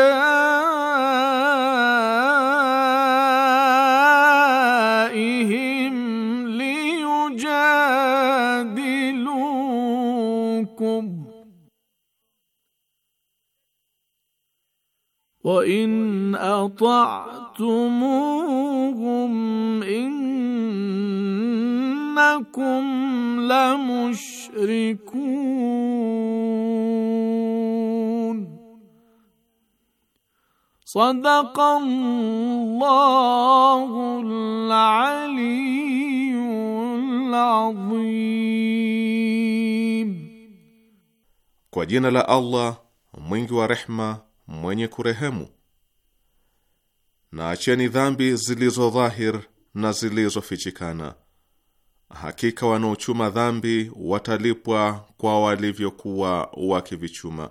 آبائهم ليجادلوكم وإن أطعتموهم إنكم لمشركون Sadaqallahul aliyyul adhim. Kwa jina la Allah mwingi wa rehma mwenye kurehemu. Na acheni dhambi zilizo dhahir na zilizofichikana. Hakika wanaochuma dhambi watalipwa kwa walivyokuwa wakivichuma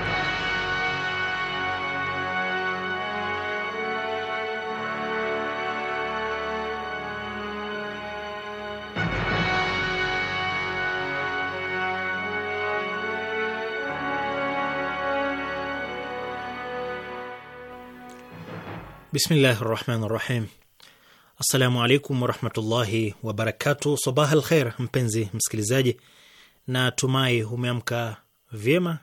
Bismillahi rahmani rahim. Assalamu alaikum warahmatullahi wabarakatu. Sabah al kheir mpenzi msikilizaji, na tumai umeamka vyema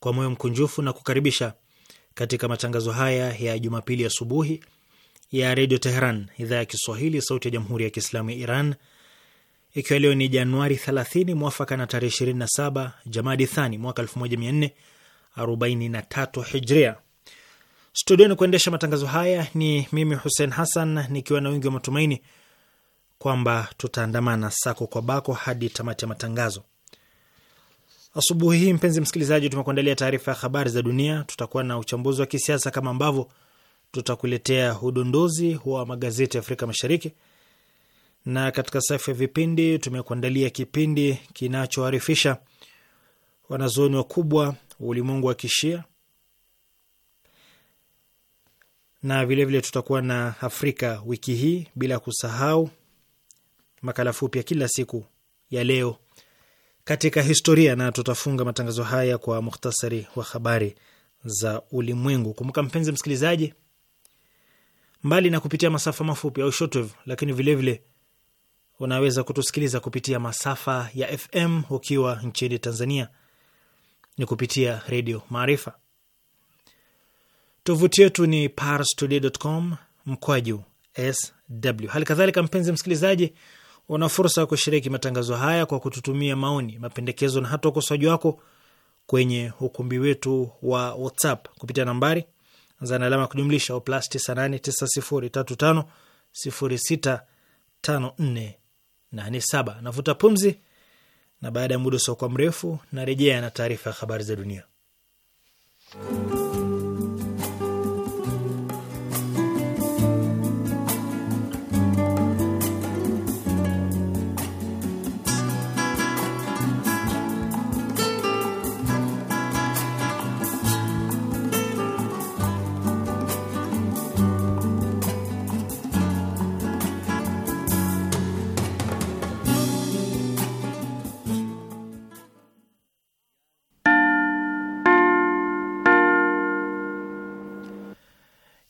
kwa moyo mkunjufu na kukaribisha katika matangazo haya ya Jumapili asubuhi ya, ya redio Teheran idhaa ya Kiswahili sauti ya jamhuri ya Kiislamu ya Iran, ikiwa leo ni Januari 30 mwafaka na tarehe 27 Jamadi Thani mwaka 1443 Hijria. Studioni kuendesha matangazo haya ni mimi Hussein Hassan, nikiwa na wingi wa matumaini kwamba tutaandamana sako kwa bako hadi tamati ya matangazo asubuhi hii. Mpenzi msikilizaji, tumekuandalia taarifa ya habari za dunia, tutakuwa na uchambuzi wa kisiasa kama ambavyo tutakuletea udondozi wa magazeti ya Afrika Mashariki, na katika safu ya vipindi tumekuandalia kipindi kinachoarifisha wanazuoni wakubwa ulimwengu wa kishia na vilevile vile tutakuwa na Afrika wiki hii, bila kusahau makala fupi ya kila siku ya leo katika historia, na tutafunga matangazo haya kwa muhtasari wa habari za ulimwengu. Kumbuka mpenzi msikilizaji, mbali na kupitia masafa mafupi au shortwave, lakini vilevile vile unaweza kutusikiliza kupitia masafa ya FM ukiwa nchini Tanzania ni kupitia Redio Maarifa. Tovuti yetu ni parstoday.com mkwaju sw. Hali kadhalika, mpenzi msikilizaji, una fursa ya kushiriki matangazo haya kwa kututumia maoni, mapendekezo na hata ukosoaji wako kwenye ukumbi wetu wa WhatsApp kupitia nambari za na alama ya kujumlisha o plus 989035065487. Navuta pumzi, na baada ya muda usiokuwa mrefu narejea na taarifa ya habari za dunia.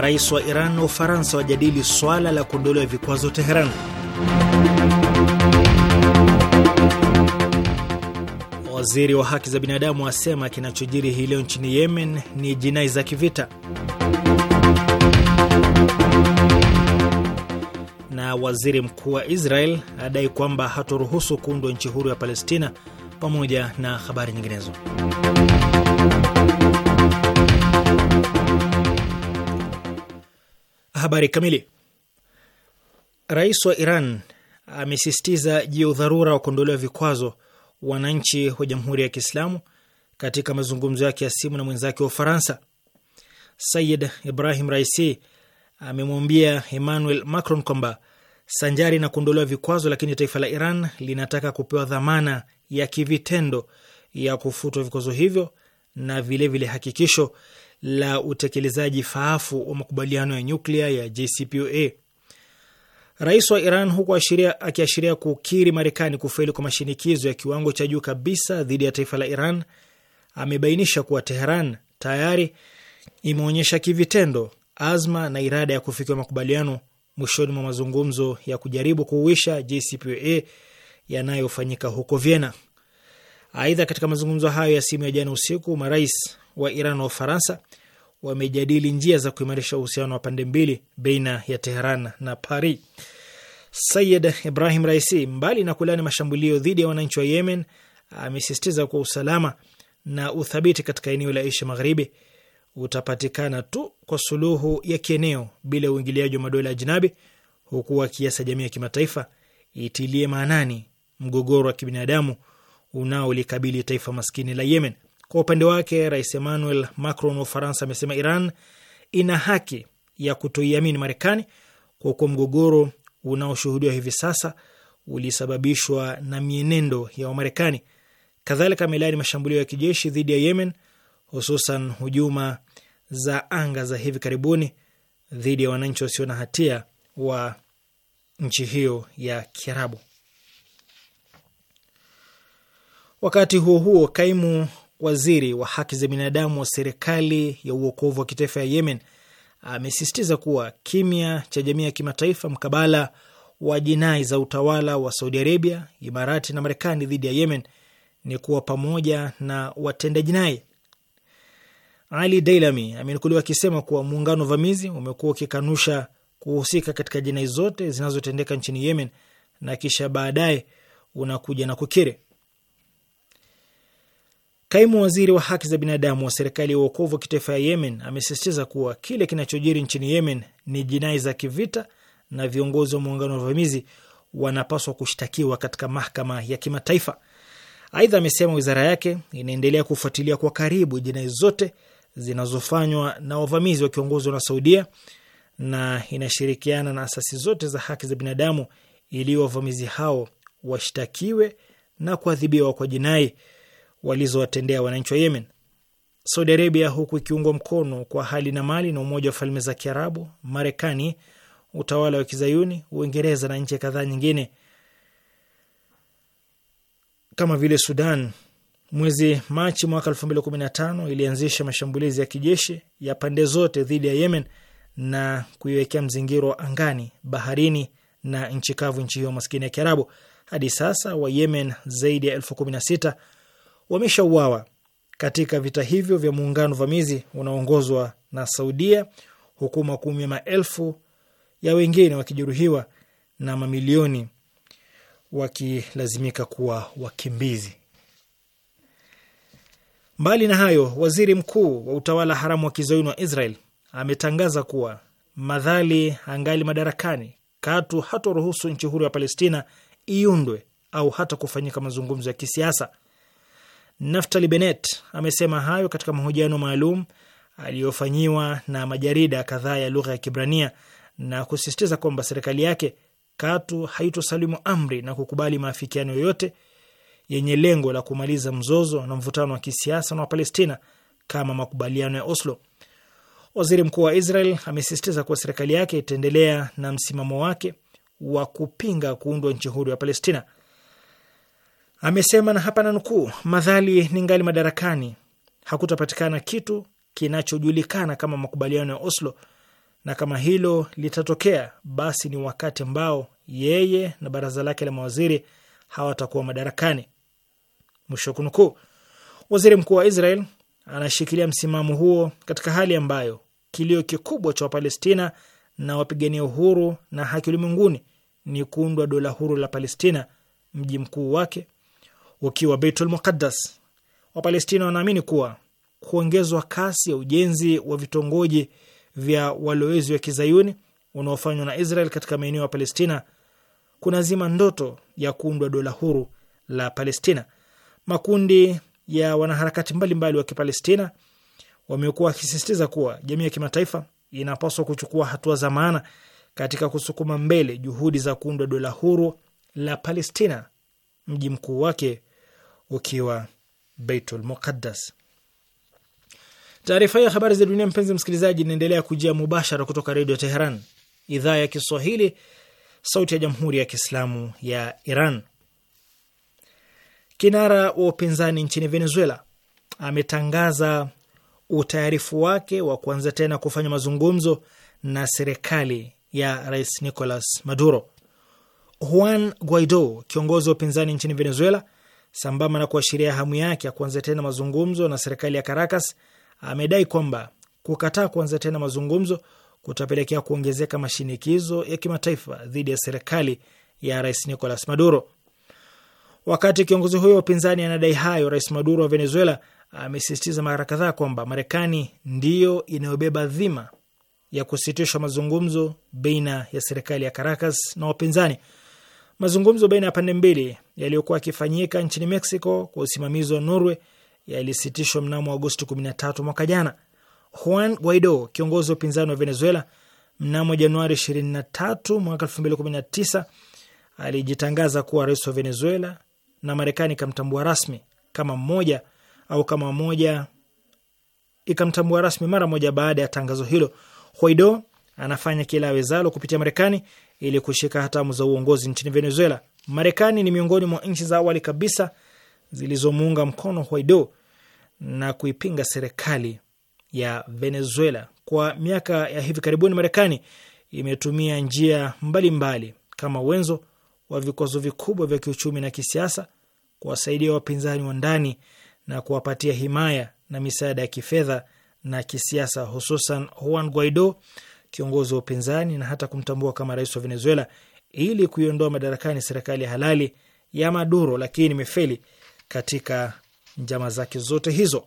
Marais wa Iran na Ufaransa wajadili swala la kuondolewa vikwazo Teheran. Waziri wa haki za binadamu asema kinachojiri hii leo nchini Yemen ni jinai za kivita. Na waziri mkuu wa Israel adai kwamba hatoruhusu kuundwa nchi huru ya Palestina, pamoja na habari nyinginezo. Habari kamili. Rais wa Iran amesisitiza juu ya udharura wa kuondolewa vikwazo wananchi wa Jamhuri ya Kiislamu katika mazungumzo yake ya simu na mwenzake wa Ufaransa. Sayid Ibrahim Raisi amemwambia Emmanuel Macron kwamba sanjari na kuondolewa vikwazo, lakini taifa la Iran linataka kupewa dhamana ya kivitendo ya kufutwa vikwazo hivyo na vilevile vile hakikisho la utekelezaji faafu wa makubaliano ya nyuklia ya JCPOA. Rais wa Iran huku akiashiria kukiri Marekani kufeli kwa mashinikizo ya kiwango cha juu kabisa dhidi ya taifa la Iran, amebainisha kuwa Teheran tayari imeonyesha kivitendo azma na irada ya kufikiwa makubaliano mwishoni mwa mazungumzo ya kujaribu kuuisha JCPOA yanayofanyika huko Vienna. Aidha, katika mazungumzo hayo ya simu ya jana usiku, marais wa Iran na Ufaransa wamejadili njia za kuimarisha uhusiano wa pande mbili baina ya Teheran na Paris. Sayid Ibrahim Raisi, mbali na kulani mashambulio dhidi ya wananchi wa Yemen, amesisitiza kuwa usalama na uthabiti katika eneo la Asia Magharibi utapatikana tu kwa suluhu ya kieneo bila ya uingiliaji wa madola ya jinabi, huku akiasa jamii ya kimataifa itilie maanani mgogoro wa kibinadamu unaolikabili taifa maskini la Yemen. Kwa upande wake, Rais Emmanuel Macron wa Ufaransa amesema Iran ina haki ya kutoiamini Marekani kwa kuwa mgogoro unaoshuhudiwa hivi sasa ulisababishwa na mienendo ya Wamarekani. Kadhalika amelaani mashambulio ya kijeshi dhidi ya Yemen, hususan hujuma za anga za hivi karibuni dhidi ya wananchi wasio na hatia wa nchi hiyo ya Kiarabu. Wakati huo huo, kaimu waziri wa haki za binadamu wa serikali ya uokovu wa kitaifa ya Yemen amesisitiza kuwa kimya cha jamii ya kimataifa mkabala wa jinai za utawala wa Saudi Arabia, Imarati na Marekani dhidi ya Yemen ni kuwa pamoja na watenda jinai. Ali Dailami amenukuliwa akisema kuwa muungano vamizi umekuwa ukikanusha kuhusika katika jinai zote zinazotendeka nchini Yemen na kisha baadaye unakuja na kukiri. Kaimu waziri wa haki za binadamu wa serikali ya uokovu wa kitaifa ya Yemen amesisitiza kuwa kile kinachojiri nchini Yemen ni jinai za kivita na viongozi wa muungano wa uvamizi wanapaswa kushtakiwa katika mahakama ya kimataifa. Aidha, amesema wizara yake inaendelea kufuatilia kwa karibu jinai zote zinazofanywa na wavamizi wakiongozwa na Saudia na inashirikiana na asasi zote za haki za binadamu ili wavamizi hao washtakiwe na kuadhibiwa kwa jinai walizowatendea wananchi wa Yemen. Saudi Arabia, huku ikiungwa mkono kwa hali na mali na Umoja wa Falme za Kiarabu, Marekani, utawala wa Kizayuni, Uingereza na nchi kadhaa nyingine kama vile Sudan, mwezi Machi mwaka 2015 ilianzisha mashambulizi ya kijeshi ya pande zote dhidi ya Yemen na kuiwekea mzingiro wa angani, baharini na nchi kavu nchi hiyo maskini ya Kiarabu. Hadi sasa Wayemen zaidi ya elfu kumi na sita wameshauawa katika vita hivyo vya muungano vamizi unaoongozwa na Saudia, huku makumi ya maelfu ya wengine wakijeruhiwa na mamilioni wakilazimika kuwa wakimbizi. Mbali na hayo, waziri mkuu wa utawala haramu wa kizayuni wa Israel ametangaza kuwa madhali angali madarakani, katu hatoruhusu nchi huru ya Palestina iundwe au hata kufanyika mazungumzo ya kisiasa Naftali Bennett amesema hayo katika mahojiano maalum aliyofanyiwa na majarida kadhaa ya lugha ya Kibrania na kusisitiza kwamba serikali yake katu haitosalimu amri na kukubali maafikiano yoyote yenye lengo la kumaliza mzozo na mvutano wa kisiasa na Wapalestina kama makubaliano ya Oslo. Waziri mkuu wa Israel amesisitiza kuwa serikali yake itaendelea na msimamo wake wa kupinga kuundwa nchi huru ya Palestina. Amesema na hapa nanukuu, madhali ningali madarakani hakutapatikana kitu kinachojulikana kama makubaliano ya Oslo, na kama hilo litatokea, basi ni wakati ambao yeye na baraza lake la mawaziri hawatakuwa madarakani, mwisho kunukuu. Waziri mkuu wa Israel anashikilia msimamo huo katika hali ambayo kilio kikubwa cha Wapalestina na wapigania uhuru na haki ulimwenguni ni kuundwa dola huru la Palestina, mji mkuu wake ukiwa Beitul Muqaddas. Wapalestina wanaamini kuwa kuongezwa kasi ya ujenzi wa vitongoji vya walowezi wa kizayuni unaofanywa na Israel katika maeneo ya Palestina kunazima ndoto ya kuundwa dola huru la Palestina. Makundi ya wanaharakati mbalimbali mbali wa Kipalestina wamekuwa wakisisitiza kuwa jamii ya kimataifa inapaswa kuchukua hatua za maana katika kusukuma mbele juhudi za kuundwa dola huru la Palestina, mji mkuu wake ukiwa Baitul Muqaddas. Taarifa hiyo ya habari za dunia, mpenzi msikilizaji, inaendelea kujia mubashara kutoka Redio Teheran, idhaa ya Kiswahili, sauti ya Jamhuri ya Kiislamu ya Iran. Kinara wa upinzani nchini Venezuela ametangaza utayarifu wake wa kuanza tena kufanya mazungumzo na serikali ya Rais Nicolas Maduro. Juan Guaido, kiongozi wa upinzani nchini Venezuela, sambamba na kuashiria hamu yake ya kuanza tena mazungumzo na serikali ya Caracas, amedai kwamba kukataa kuanza tena mazungumzo kutapelekea kuongezeka mashinikizo ya kimataifa dhidi ya serikali ya rais Nicolas Maduro. Wakati kiongozi huyo wa upinzani anadai hayo, rais Maduro wa Venezuela amesisitiza mara kadhaa kwamba Marekani ndiyo inayobeba dhima ya kusitishwa mazungumzo baina ya serikali ya Caracas na wapinzani. Mazungumzo baina ya pande mbili yaliyokuwa yakifanyika nchini Mexico kwa usimamizi wa Norway yalisitishwa mnamo Agosti 13 mwaka jana. Juan Guaido, kiongozi wa upinzani wa Venezuela, mnamo Januari 23 mwaka 2019 alijitangaza kuwa rais wa Venezuela na Marekani ikamtambua rasmi kama mmoja au kama moja ikamtambua rasmi mara moja baada ya tangazo hilo. Guaido anafanya kila awezalo kupitia Marekani ili kushika hatamu za uongozi nchini Venezuela. Marekani ni miongoni mwa nchi za awali kabisa zilizomuunga mkono Guaido na kuipinga serikali ya Venezuela. Kwa miaka ya hivi karibuni, Marekani imetumia njia mbalimbali mbali, kama wenzo wa vikwazo vikubwa vya kiuchumi na kisiasa kuwasaidia wapinzani wa ndani na kuwapatia himaya na misaada ya kifedha na kisiasa, hususan Juan Guaido kiongozi wa upinzani na hata kumtambua kama rais wa Venezuela ili kuiondoa madarakani serikali ya halali ya Maduro, lakini imefeli katika njama zake zote hizo.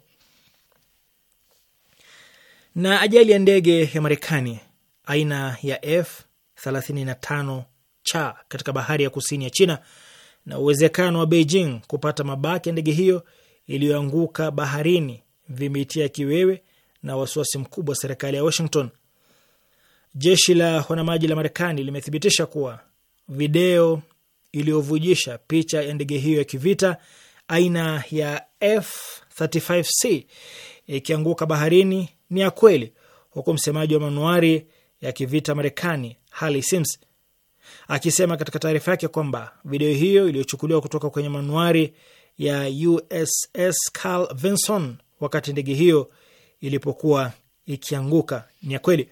Na ajali ya ndege ya Marekani aina ya F 35 cha katika bahari ya kusini ya China na uwezekano wa Beijing kupata mabaki ya ndege hiyo iliyoanguka baharini vimeitia kiwewe na wasiwasi mkubwa serikali ya Washington. Jeshi la wanamaji la Marekani limethibitisha kuwa video iliyovujisha picha ya ndege hiyo ya kivita aina ya F35C ikianguka baharini ni ya kweli, huku msemaji wa manuari ya kivita Marekani Harry Sims akisema katika taarifa yake kwamba video hiyo iliyochukuliwa kutoka kwenye manuari ya USS Carl Vinson wakati ndege hiyo ilipokuwa ikianguka ni ya kweli.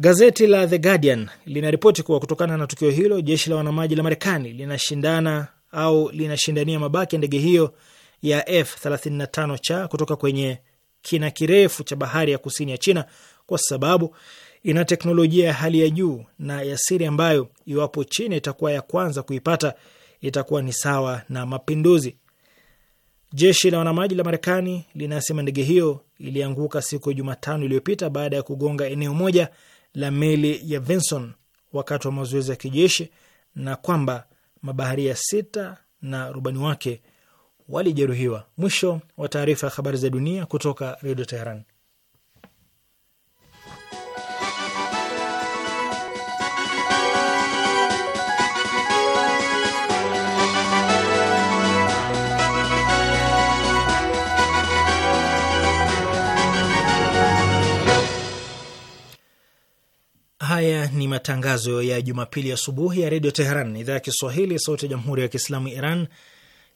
Gazeti la The Guardian linaripoti kuwa kutokana na tukio hilo, jeshi la wanamaji la Marekani linashindana au linashindania mabaki ya ndege hiyo ya F35 cha kutoka kwenye kina kirefu cha bahari ya kusini ya China kwa sababu ina teknolojia ya hali ya juu na ya siri ambayo iwapo China itakuwa ya kwanza kuipata itakuwa ni sawa na mapinduzi. Jeshi la wanamaji la Marekani linasema ndege hiyo ilianguka siku ya Jumatano iliyopita baada ya kugonga eneo moja la meli ya Vinson wakati wa mazoezi ya kijeshi na kwamba mabaharia sita na rubani wake walijeruhiwa. Mwisho wa taarifa ya habari za dunia kutoka Redio Teheran. Haya ni matangazo ya Jumapili asubuhi ya, ya Redio Teheran, idhaa ya Kiswahili, sauti ya Jamhuri ya Kiislamu Iran,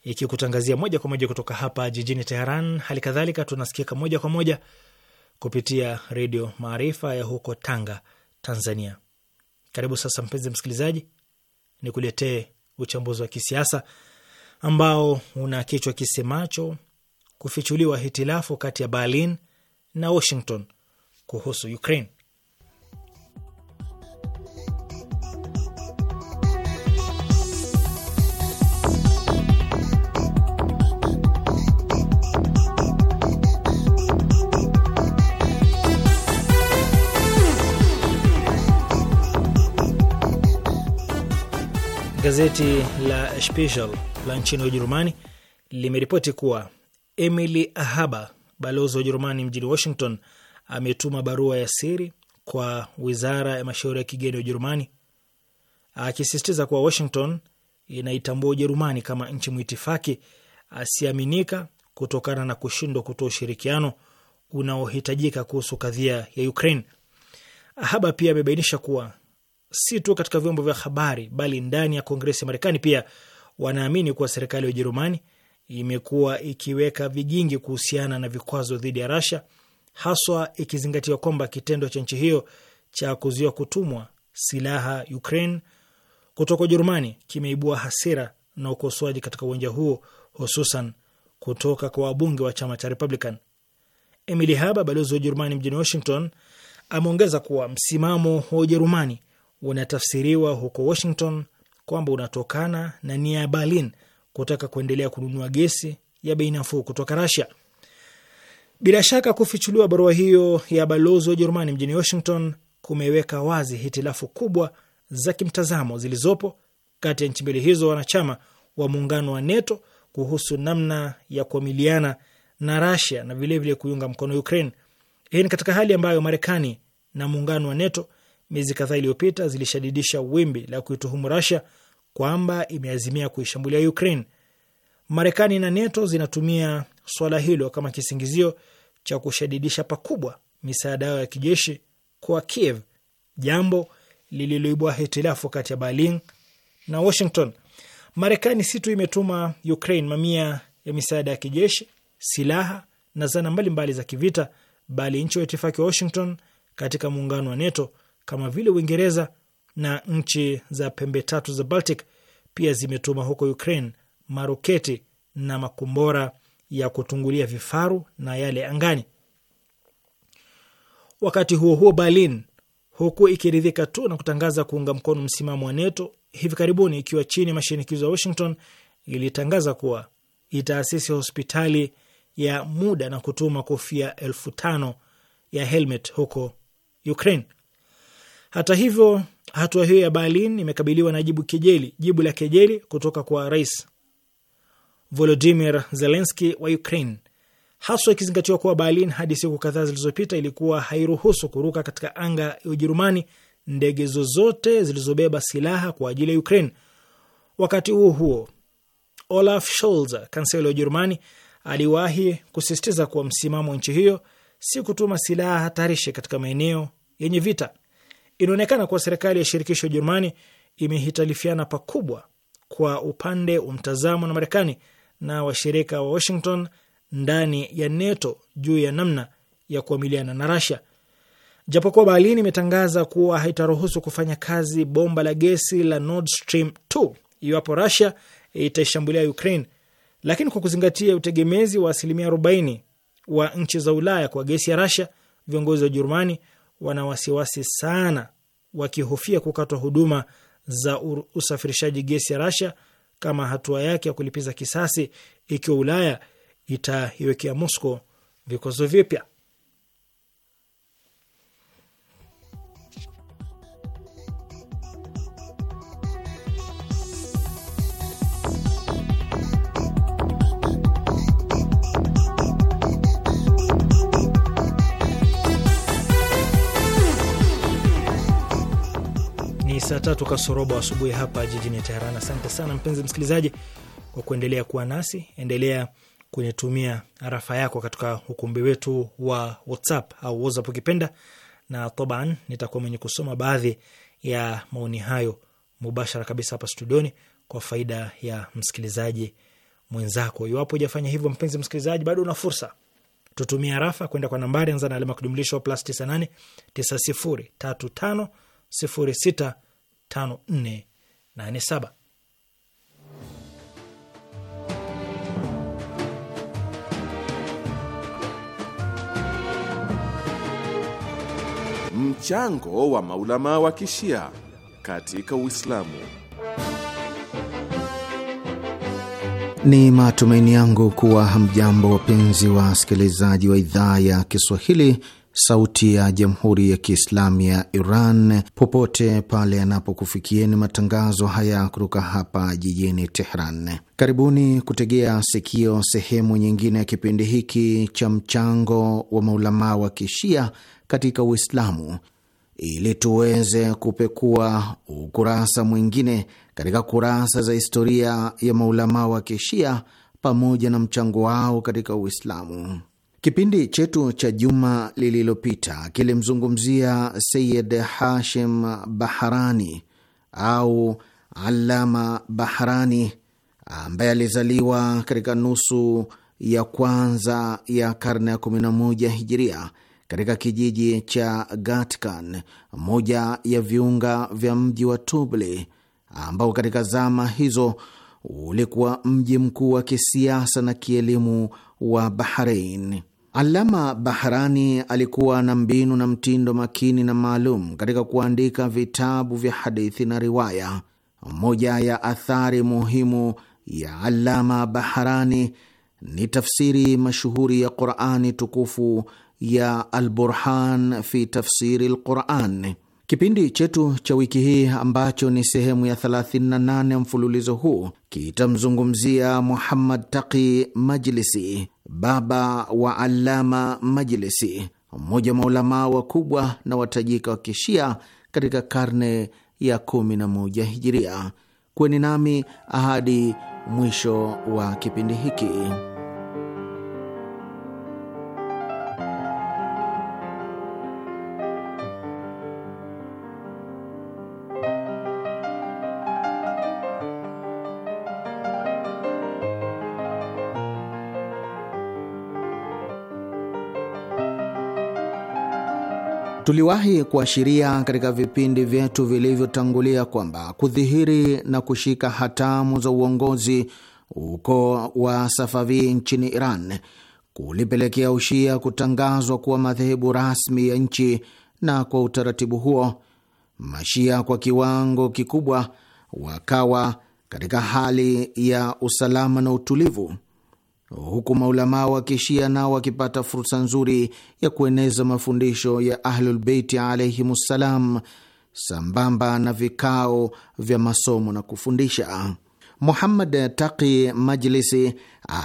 ikikutangazia moja kwa moja kutoka hapa jijini Teheran. Hali kadhalika tunasikika moja kwa moja kupitia Redio Maarifa ya huko Tanga, Tanzania. Karibu sasa, mpenzi msikilizaji, ni kuletee uchambuzi wa kisiasa ambao una kichwa kisemacho kufichuliwa hitilafu kati ya Berlin na Washington kuhusu Ukraine. Gazeti la Spiegel la nchini Ujerumani limeripoti kuwa Emily Ahaba, balozi wa Ujerumani mjini Washington, ametuma barua ya siri kwa wizara ya mashauri ya kigeni ya Ujerumani akisisitiza kuwa Washington inaitambua Ujerumani kama nchi mwitifaki asiaminika kutokana na kushindwa kutoa ushirikiano unaohitajika kuhusu kadhia ya Ukraine. Ahaba pia amebainisha kuwa si tu katika vyombo vya habari, bali ndani ya Kongresi ya Marekani pia wanaamini kuwa serikali ya Ujerumani imekuwa ikiweka vigingi kuhusiana na vikwazo dhidi ya rasha haswa ikizingatiwa kwamba kitendo cha nchi hiyo cha kuzuia kutumwa silaha Ukraine kutoka Ujerumani kimeibua hasira na ukosoaji katika uwanja huo, hususan kutoka kwa wabunge wa chama cha Republican. Emily Haber, balozi wa Ujerumani mjini Washington, ameongeza kuwa msimamo wa Ujerumani unatafsiriwa huko Washington kwamba unatokana na nia ya Berlin kutaka kuendelea kununua gesi ya bei nafuu kutoka Rasia. Bila shaka kufichuliwa barua hiyo ya balozi wa Ujerumani mjini Washington kumeweka wazi hitilafu kubwa za kimtazamo zilizopo kati ya nchi mbili hizo wanachama wa muungano wa NATO kuhusu namna ya kuamiliana na Rasia na vilevile kuiunga mkono Ukraine. Hii ni katika hali ambayo Marekani na muungano wa NATO miezi kadhaa iliyopita zilishadidisha wimbi la kuituhumu Russia kwamba imeazimia kuishambulia Ukraine. Marekani na NATO zinatumia swala hilo kama kisingizio cha kushadidisha pakubwa misaada yao ya kijeshi kwa Kiev, jambo lililoibua hitilafu kati ya Berlin na Washington. Marekani si tu imetuma Ukraine mamia ya misaada ya kijeshi, silaha na zana mbalimbali mbali za kivita, bali nchi wa itifaki wa Washington katika muungano wa NATO kama vile Uingereza na nchi za pembe tatu za Baltic pia zimetuma huko Ukraine maroketi na makombora ya kutungulia vifaru na yale angani. Wakati huo huo, Berlin huku ikiridhika tu na kutangaza kuunga mkono msimamo wa NATO hivi karibuni, ikiwa chini ya mashinikizo ya Washington, ilitangaza kuwa itaasisi hospitali ya muda na kutuma kofia elfu tano ya helmet huko Ukraine. Hata hivyo, hatua hiyo ya Berlin imekabiliwa na jibu kejeli, jibu la kejeli kutoka kwa Rais Volodimir Zelenski wa Ukraine, haswa ikizingatiwa kuwa Berlin hadi siku kadhaa zilizopita ilikuwa hairuhusu kuruka katika anga ya Ujerumani ndege zozote zilizobeba silaha kwa ajili ya Ukraine. Wakati huo huo, Olaf Scholz, kansela ya Ujerumani, aliwahi kusisitiza kuwa msimamo wa nchi hiyo si kutuma silaha hatarishi katika maeneo yenye vita. Inaonekana kuwa serikali ya shirikisho Ujerumani imehitalifiana pakubwa kwa upande wa mtazamo na Marekani na washirika wa Washington ndani ya NATO juu ya namna ya kuamiliana na Rasia. Japokuwa Berlin imetangaza kuwa haitaruhusu kufanya kazi bomba la gesi la Nord Stream 2 iwapo Rasia itaishambulia Ukraine, lakini kwa kuzingatia utegemezi wa asilimia 40 wa nchi za Ulaya kwa gesi ya Rasia, viongozi wa Ujerumani wana wasiwasi sana, wakihofia kukatwa huduma za usafirishaji gesi ya Rasia kama hatua yake ya kulipiza kisasi ikiwa Ulaya itaiwekea Moscow vikwazo vipya. saa tatu kasorobo asubuhi hapa jijini Teheran. Asante sana mpenzi msikilizaji kwa kuendelea kuwa nasi, endelea kunitumia arafa yako katika ukumbi wetu wa WhatsApp au WhatsApp ukipenda, na toban nitakuwa mwenye kusoma baadhi ya maoni hayo mubashara kabisa hapa studioni kwa faida ya msikilizaji mwenzako. Iwapo hujafanya hivyo, mpenzi msikilizaji, bado una fursa. Tutumia rafa kwenda kwa nambari, anza na alama kujumlisha plus tatu tano sifuri sita 5487. Mchango wa maulama wa kishia katika Uislamu. Ni matumaini yangu kuwa hamjambo, wapenzi wa wasikilizaji wa idhaa ya Kiswahili Sauti ya Jamhuri ya Kiislamu ya Iran, popote pale yanapokufikieni matangazo haya kutoka hapa jijini Tehran. Karibuni kutegea sikio sehemu nyingine ya kipindi hiki cha mchango wa maulamaa wa kishia katika Uislamu, ili tuweze kupekua ukurasa mwingine katika kurasa za historia ya maulamaa wa kishia pamoja na mchango wao katika Uislamu. Kipindi chetu cha juma lililopita kilimzungumzia Sayid Hashim Baharani au Alama Baharani ambaye alizaliwa katika nusu ya kwanza ya karne ya 11 hijiria katika kijiji cha Gatkan, moja ya viunga vya mji wa Tubli ambao katika zama hizo ulikuwa mji mkuu wa kisiasa na kielimu wa Bahrain. Alama Bahrani alikuwa na mbinu na mtindo makini na maalum katika kuandika vitabu vya hadithi na riwaya. Moja ya athari muhimu ya Alama Bahrani ni tafsiri mashuhuri ya Qurani tukufu ya Alburhan fi tafsiri lquran. Kipindi chetu cha wiki hii ambacho ni sehemu ya 38 ya mfululizo huu kitamzungumzia Muhammad Taqi Majlisi, baba wa alama Majlisi, mmoja wa maulamaa wakubwa na watajika wa kishia katika karne ya 11 hijiria. Kweni nami ahadi mwisho wa kipindi hiki. Tuliwahi kuashiria katika vipindi vyetu vilivyotangulia kwamba kudhihiri na kushika hatamu za uongozi ukoo wa Safavi nchini Iran kulipelekea Ushia kutangazwa kuwa madhehebu rasmi ya nchi, na kwa utaratibu huo Mashia kwa kiwango kikubwa wakawa katika hali ya usalama na utulivu huku maulamaa wa kishia nao wakipata fursa nzuri ya kueneza mafundisho ya Ahlulbeiti alaihimussalam sambamba na vikao vya masomo na kufundisha. Muhammad Taqi Majlisi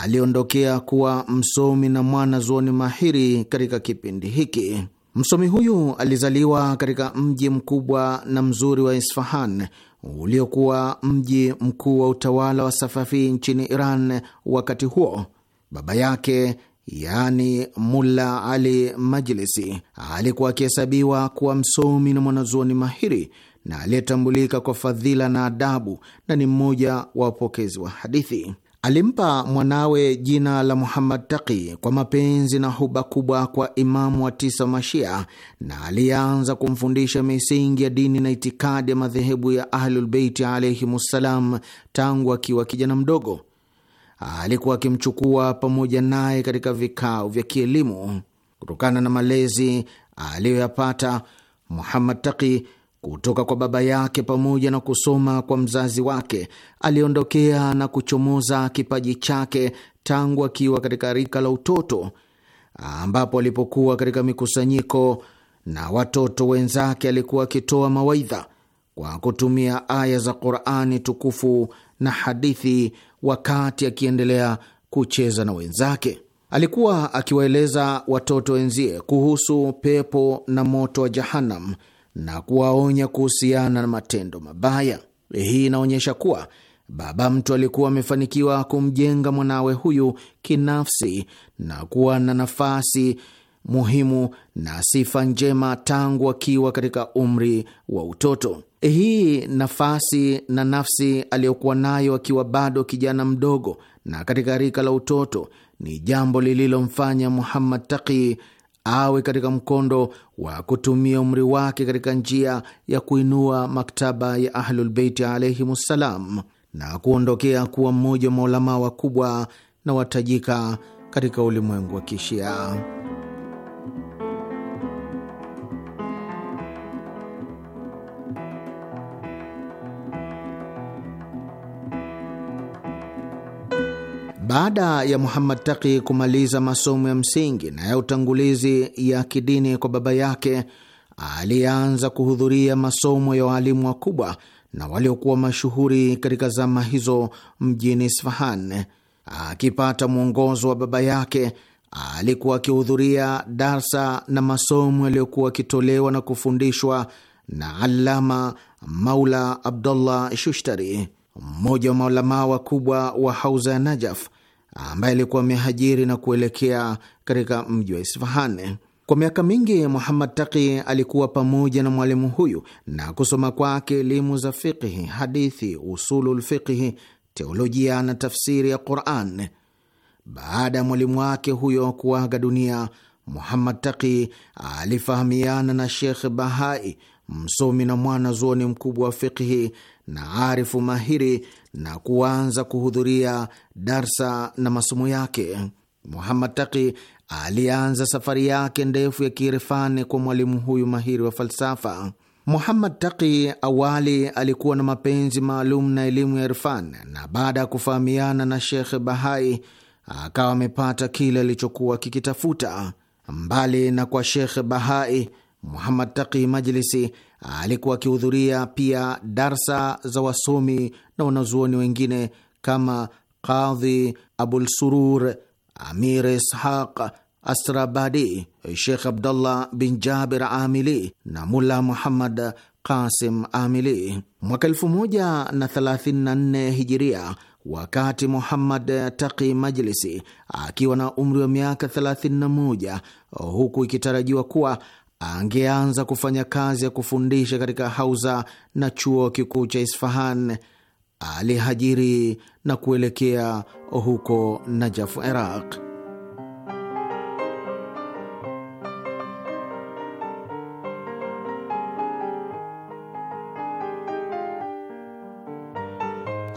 aliondokea kuwa msomi na mwana zuoni mahiri katika kipindi hiki. Msomi huyu alizaliwa katika mji mkubwa na mzuri wa Isfahan uliokuwa mji mkuu wa utawala wa safafi nchini Iran wakati huo. Baba yake yaani Mulla Ali Majlisi alikuwa akihesabiwa kuwa msomi na mwanazuoni mahiri na aliyetambulika kwa fadhila na adabu na ni mmoja wa wapokezi wa hadithi. Alimpa mwanawe jina la Muhammad Taqi kwa mapenzi na huba kubwa kwa imamu wa tisa Mashia, na alianza kumfundisha misingi ya dini na itikadi ya madhehebu ya Ahlulbeiti alaihimussalam tangu akiwa kijana mdogo alikuwa akimchukua pamoja naye katika vikao vya kielimu. Kutokana na malezi aliyoyapata Muhammad Taki kutoka kwa baba yake pamoja na kusoma kwa mzazi wake, aliondokea na kuchomoza kipaji chake tangu akiwa katika rika la utoto, ambapo alipokuwa katika mikusanyiko na watoto wenzake alikuwa akitoa mawaidha kwa kutumia aya za Qurani tukufu na hadithi wakati akiendelea kucheza na wenzake. Alikuwa akiwaeleza watoto wenzie kuhusu pepo na moto wa Jahannam na kuwaonya kuhusiana na matendo mabaya. Hii inaonyesha kuwa baba mtu alikuwa amefanikiwa kumjenga mwanawe huyu kinafsi na kuwa na nafasi muhimu na sifa njema tangu akiwa katika umri wa utoto. Eh, hii nafasi na nafsi aliyokuwa nayo akiwa bado kijana mdogo na katika rika la utoto ni jambo lililomfanya Muhammad Taqi awe katika mkondo wa kutumia umri wake katika njia ya kuinua maktaba ya Ahlulbeiti ssalam na kuondokea kuwa mmoja wa maulamaa wakubwa na watajika katika ulimwengu wa Kishia. Baada ya Muhammad taki kumaliza masomo ya msingi na ya utangulizi ya kidini kwa baba yake, alianza kuhudhuria masomo ya waalimu wakubwa na waliokuwa mashuhuri katika zama hizo mjini Isfahan. Akipata mwongozo wa baba yake, alikuwa akihudhuria darsa na masomo yaliyokuwa akitolewa na kufundishwa na Alama Maula Abdullah Shushtari, mmoja wa maulamaa wakubwa wa hauza ya Najaf ambaye alikuwa amehajiri na kuelekea katika mji wa Isfahani. Kwa miaka mingi Muhammad Taqi alikuwa pamoja na mwalimu huyu na kusoma kwake elimu za fiqhi, hadithi, usulul fiqhi, teolojia na tafsiri ya Quran. Baada ya mwalimu wake huyo kuaga dunia, Muhammad Taqi alifahamiana na Shekh Bahai, msomi na mwana zuoni mkubwa wa fiqhi na arifu mahiri na kuanza kuhudhuria darsa na masomo yake. Muhammad Taki alianza safari yake ndefu ya kiirfani kwa mwalimu huyu mahiri wa falsafa. Muhammad taki awali alikuwa na mapenzi maalum na elimu ya irfan, na baada ya kufahamiana na Shekh Bahai akawa amepata kile alichokuwa kikitafuta. Mbali na kwa Shekh Bahai, Muhammad Taki Majlisi Alikuwa akihudhuria pia darsa za wasomi na wanazuoni wengine kama Qadhi surur Amir Ishaq Astrabadi, Sheikh Abdullah bin jaber Amili na Mulla Muhammad Qasim Amili. Mwaka nne Hijiria, wakati Muhammad Taqi Majlisi akiwa na umri wa miaka 31, huku ikitarajiwa kuwa angeanza kufanya kazi ya kufundisha katika hauza na chuo kikuu cha Isfahan, alihajiri na kuelekea huko Najafu, Iraq.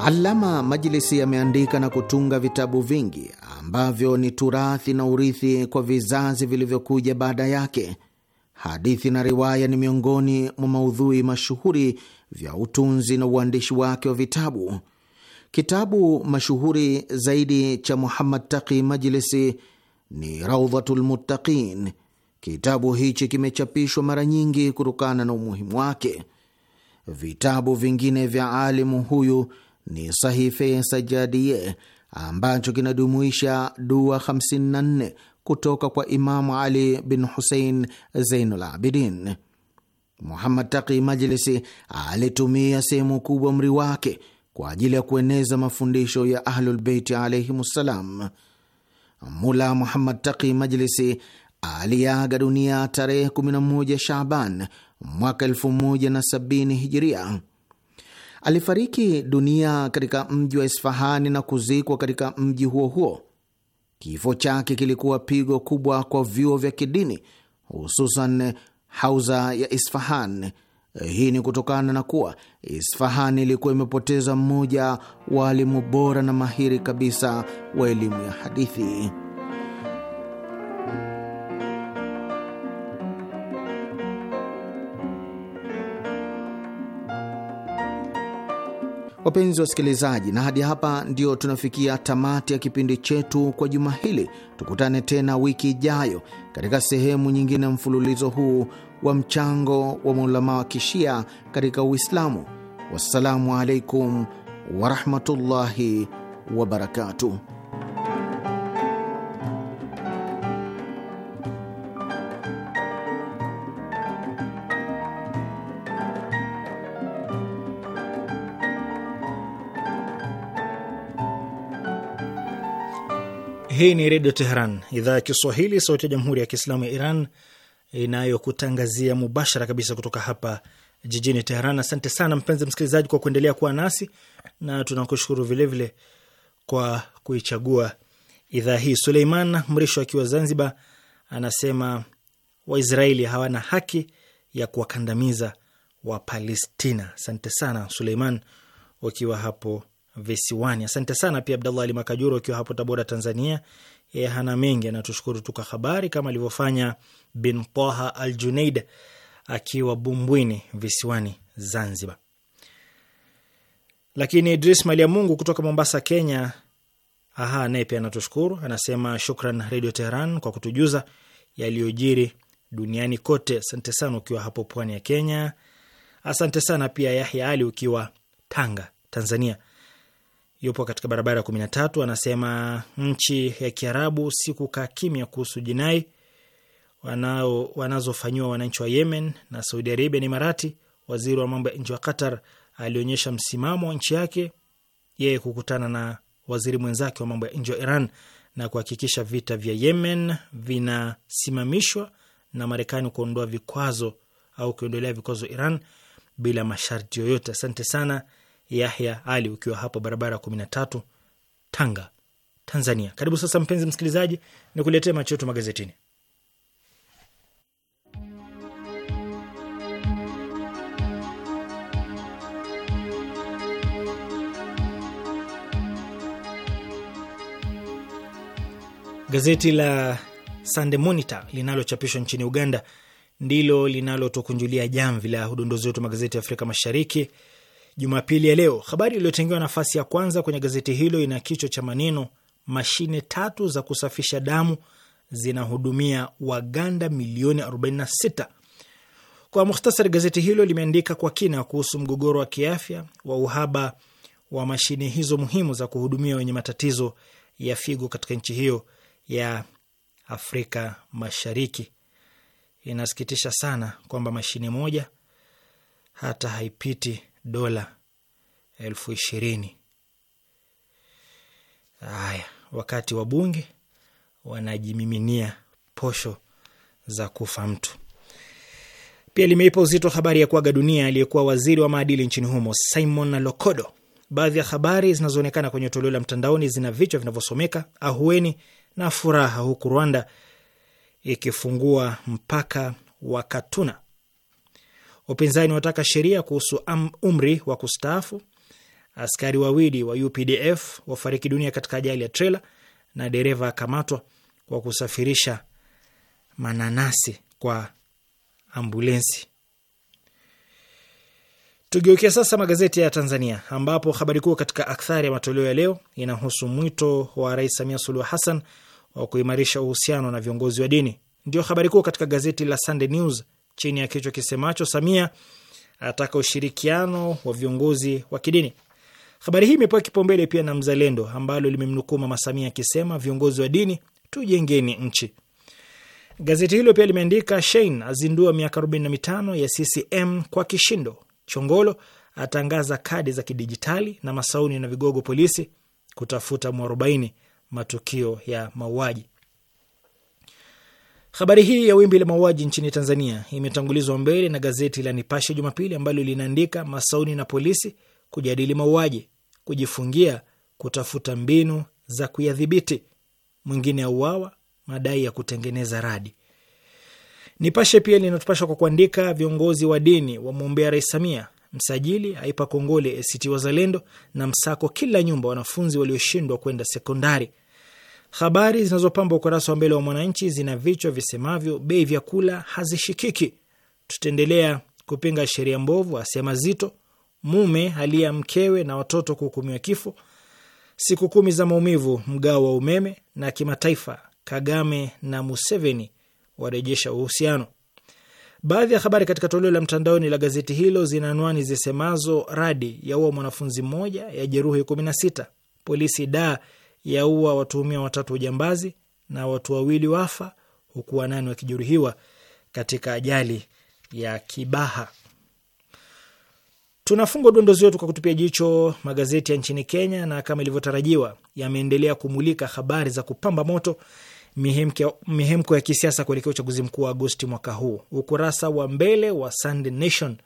Alama Majlisi ameandika na kutunga vitabu vingi ambavyo ni turathi na urithi kwa vizazi vilivyokuja baada yake. Hadithi na riwaya ni miongoni mwa maudhui mashuhuri vya utunzi na uandishi wake wa vitabu. Kitabu mashuhuri zaidi cha Muhammad Taqi Majlisi ni Raudhatul Muttaqin. Kitabu hichi kimechapishwa mara nyingi kutokana na umuhimu wake. Vitabu vingine vya alimu huyu ni Sahife Sajadie ambacho kinajumuisha dua 54 kutoka kwa Imamu Ali bin Husein Zeinul Abidin. Muhammad Taqi Majlisi alitumia sehemu kubwa mri wake kwa ajili ya kueneza mafundisho ya Ahlulbeiti alaihimussalam. Mula Muhammad Taqi Majlisi aliaga dunia tarehe 11 Shaban mwaka 1070 Hijiria. Alifariki dunia katika mji wa Isfahani na kuzikwa katika mji huo huo. Kifo chake kilikuwa pigo kubwa kwa vyuo vya kidini, hususan hauza ya Isfahan. Hii ni kutokana na kuwa Isfahan ilikuwa imepoteza mmoja wa alimu bora na mahiri kabisa wa elimu ya hadithi. Wapenzi wasikilizaji, na hadi hapa ndio tunafikia tamati ya kipindi chetu kwa juma hili. Tukutane tena wiki ijayo katika sehemu nyingine ya mfululizo huu wa mchango wa maulamaa wa kishia katika Uislamu. Wassalamu alaikum warahmatullahi wabarakatuh. Hii ni Redio Teheran, idhaa ya Kiswahili, sauti ya Jamhuri ya Kiislamu ya Iran inayokutangazia mubashara kabisa kutoka hapa jijini Teheran. Asante sana mpenzi msikilizaji kwa kuendelea kuwa nasi na tunakushukuru vilevile kwa kuichagua idhaa hii. Suleiman Mrisho akiwa Zanzibar anasema Waisraeli hawana haki ya kuwakandamiza Wapalestina. Asante sana Suleiman ukiwa hapo visiwani. Asante sana pia Abdallah Ali Makajuru akiwa hapo Tabora, Tanzania. E, hana mengi, anatushukuru tu kwa habari kama alivyofanya bin Taha al Junaid akiwa Bumbwini visiwani Zanzibar. Lakini Idris Mali ya Mungu kutoka Mombasa, Kenya, aha, naye pia anatushukuru, anasema shukran Radio Tehran kwa kutujuza yaliyojiri duniani kote. Asante sana ukiwa hapo pwani ya Kenya. Asante sana pia Yahya Ali ukiwa Tanga, Tanzania yupo katika barabara ya kumi na tatu. Anasema nchi ya Kiarabu si kukaa kimya kuhusu jinai wanazofanyiwa wananchi wa Yemen na Saudi Arabia ni marati Waziri wa mambo ya nje wa Qatar alionyesha msimamo wa nchi yake yeye kukutana na waziri mwenzake wa mambo ya nje wa Iran na kuhakikisha vita vya Yemen vinasimamishwa na Marekani kuondoa vikwazo au kuondolea vikwazo Iran bila masharti yoyote. Asante sana Yahya Ali ukiwa hapo barabara kumi na tatu Tanga, Tanzania. Karibu sasa, mpenzi msikilizaji, ni kuletea macho yetu magazetini. Gazeti la Sunday Monitor linalochapishwa nchini Uganda ndilo linalotukunjulia jamvi la udondozi wetu magazeti ya Afrika Mashariki Jumapili ya leo. Habari iliyotengewa nafasi ya kwanza kwenye gazeti hilo ina kichwa cha maneno mashine tatu za kusafisha damu zinahudumia Waganda milioni 46. Kwa muhtasari, gazeti hilo limeandika kwa kina kuhusu mgogoro wa kiafya wa uhaba wa mashine hizo muhimu za kuhudumia wenye matatizo ya figo katika nchi hiyo ya Afrika Mashariki. Inasikitisha sana kwamba mashine moja hata haipiti dola elfu ishirini. Haya, wakati wabunge wanajimiminia posho za kufa mtu. Pia limeipa uzito habari ya kuaga dunia aliyekuwa waziri wa maadili nchini humo Simon Lokodo. Baadhi ya habari zinazoonekana kwenye toleo la mtandaoni zina vichwa vinavyosomeka ahueni na furaha, huku Rwanda ikifungua mpaka wa Katuna. Upinzani wataka sheria kuhusu umri wa kustaafu. Askari wawili wa UPDF wafariki dunia katika ajali ya trela, na dereva akamatwa kwa kusafirisha mananasi kwa ambulensi. Tugeukia sasa magazeti ya Tanzania, ambapo habari kuu katika akthari ya matoleo ya leo inahusu mwito wa Rais Samia Suluhu Hassan wa kuimarisha uhusiano na viongozi wa dini. Ndio habari kuu katika gazeti la Sunday News chini ya kichwa kisemacho Samia ataka ushirikiano wa viongozi wa kidini. Habari hii imepewa kipaumbele pia na Mzalendo ambalo limemnukuu Mama Samia akisema viongozi wa dini tujengeni nchi. Gazeti hilo pia limeandika Shein azindua miaka 45 ya CCM kwa kishindo, Chongolo atangaza kadi za kidijitali na Masauni na vigogo polisi kutafuta mwarobaini matukio ya mauaji. Habari hii ya wimbi la mauaji nchini Tanzania imetangulizwa mbele na gazeti la Nipashe Jumapili ambalo linaandika Masauni na polisi kujadili mauaji, kujifungia kutafuta mbinu za kuyadhibiti, mwingine auawa, madai ya kutengeneza radi. Nipashe pia linatupashwa kwa kuandika viongozi wa dini wamwombea Rais Samia, msajili aipa kongole ACT Wazalendo, na msako kila nyumba wanafunzi walioshindwa kwenda sekondari. Habari zinazopamba ukurasa wa mbele wa Mwananchi zina vichwa visemavyo: bei vyakula hazishikiki, tutaendelea kupinga sheria mbovu, asema Zito, mume aliya mkewe na watoto kuhukumiwa kifo, siku kumi za maumivu mgao wa umeme, na kimataifa, Kagame na Museveni warejesha uhusiano. Baadhi ya habari katika toleo la mtandaoni la gazeti hilo zina anwani zisemazo: radi yaua mwanafunzi mmoja, ya jeruhi 16, polisi da yaua watuhumiwa watatu ujambazi na watu wawili wafa huku wanane wakijeruhiwa katika ajali ya Kibaha. Tunafunga dondozi wetu kwa kutupia jicho magazeti ya nchini Kenya, na kama ilivyotarajiwa yameendelea kumulika habari za kupamba moto mihemko ya kisiasa kuelekea uchaguzi mkuu wa Agosti mwaka huu. Ukurasa wa mbele wa Sunday Nation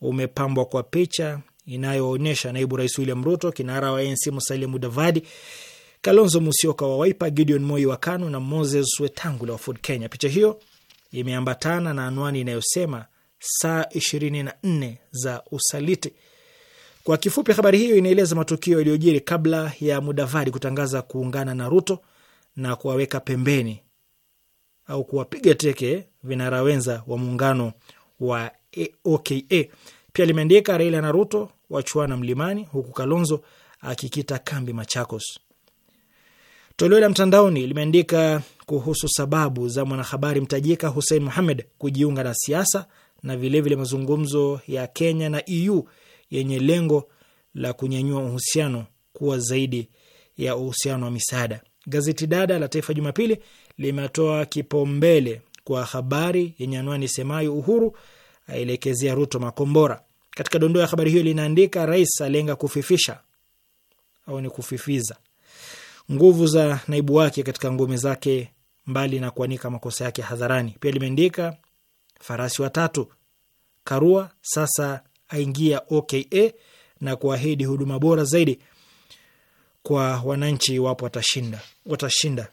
umepambwa kwa picha inayoonyesha naibu rais William Ruto, kinara wa ANC Musalia Mudavadi Kalonzo Musyoka wa Waipa, Gideon Moi wa KANU na Moses Wetangula wa Ford Kenya. Picha hiyo imeambatana na anwani inayosema saa 24 za usaliti. Kwa kifupi, habari hiyo inaeleza matukio yaliyojiri kabla ya Mudavadi kutangaza kuungana na Ruto na kuwaweka pembeni au kuwapiga teke vinara wenza wa muungano wa OKA. Pia limeandika Raila na Ruto wachuana mlimani, huku Kalonzo akikita kambi Machakos. Toleo la mtandaoni limeandika kuhusu sababu za mwanahabari mtajika Hussein Mohamed kujiunga na siasa na vilevile vile mazungumzo ya Kenya na EU yenye lengo la kunyanyua uhusiano kuwa zaidi ya uhusiano wa misaada. Gazeti dada la Taifa Jumapili limetoa kipaumbele kwa habari yenye anwani semayo Uhuru aelekezea Ruto makombora. Katika dondoo ya habari hiyo linaandika rais alenga kufifisha au ni kufifiza nguvu za naibu wake katika ngome zake, mbali na kuanika makosa yake hadharani. Pia limeandika farasi watatu Karua sasa aingia OKA na kuahidi huduma bora zaidi kwa wananchi iwapo watashinda watashinda.